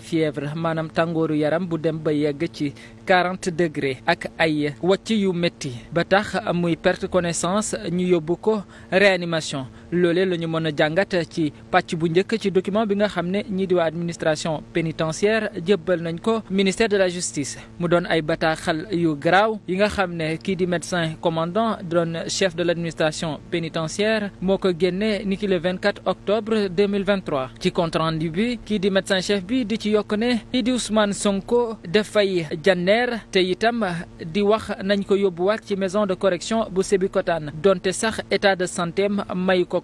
fièvre maanaam tàngooru yaram bu dem ba yegg ci quarante degré ak ay wàcc yu métti ba tax muy perte connaissance ñu yóbbu ko réanimation loolee la ñu mën a jàngat ci pàcc bu njëkk ci document bi nga xam ne ñii di waa administration pénitentiaire jébbal nañ ko ministère de la justice mu doon ay bataaxal yu garaaw yi nga xam ne kii di médecin commandant doon chef de l' administration pénitentiaire moo ko génnee ni ki le 24 octobre 2023 ci compte rendu bi kii di médecin chef bi di ci yokk ne kii di Ousmane Sonko dafay janneer te itam di wax nañ ko yóbbuwaat ci maison de correction bu Sébikotane donte sax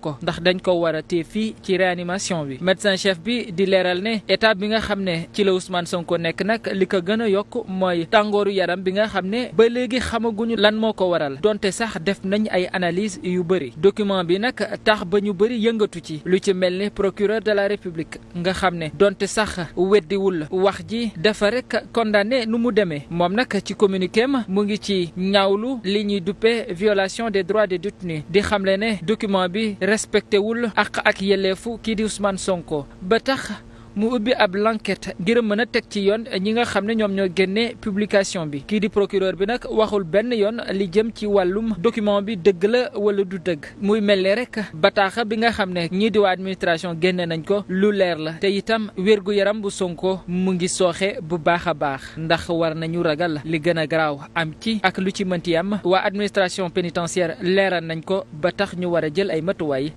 ko ndax dañ ko war a téye fii ci réanimation bi médecin chef bi di leeral ne état bi nga xam ne ci la Ousmane Sonko nekk nag li ko gën a yokk mooy tàngooru yaram bi nga xam ne ba léegi xamaguñu lan moo ko waral donte sax def nañ ay analyse yu bëri document bi nag tax ba ñu bëri yëngatu ci lu ci mel ni procureur de la république nga xam ne donte sax weddiwul wax ji dafa rek condamné nu mu demee moom nag ci communiqué ma mu ngi ci ñaawlu li ñuy duppe violation des droits des détenus respecté wul àq ak yelleefu kii di Ousmane Sonko ba tax mu ubbi ab l'enquête ngir mën a teg ci yoon ñi nga xam ne ñoom ñoo génne publication bi kii di procureur bi nag waxul benn yoon li jëm ci wàllum document bi dëgg la wala du dëgg muy mel ni rek bataax bi nga xam ne ñii di waa administration génne nañ ko lu leer la te itam wérgu yaram bu Sonko mu ngi sooxe bu baax a baax ndax war nañu ragal li gën a garaaw am ci ak lu ci mënti am waa administration pénitentiaire leeral nañ ko ba tax ñu war a jël ay matuwaay